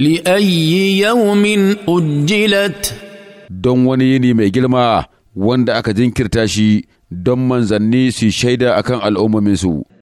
لأي يوم أجلت don wani yini mai girma wanda aka jinkirta shi don manzanni su shaida a akan al'ummominsu.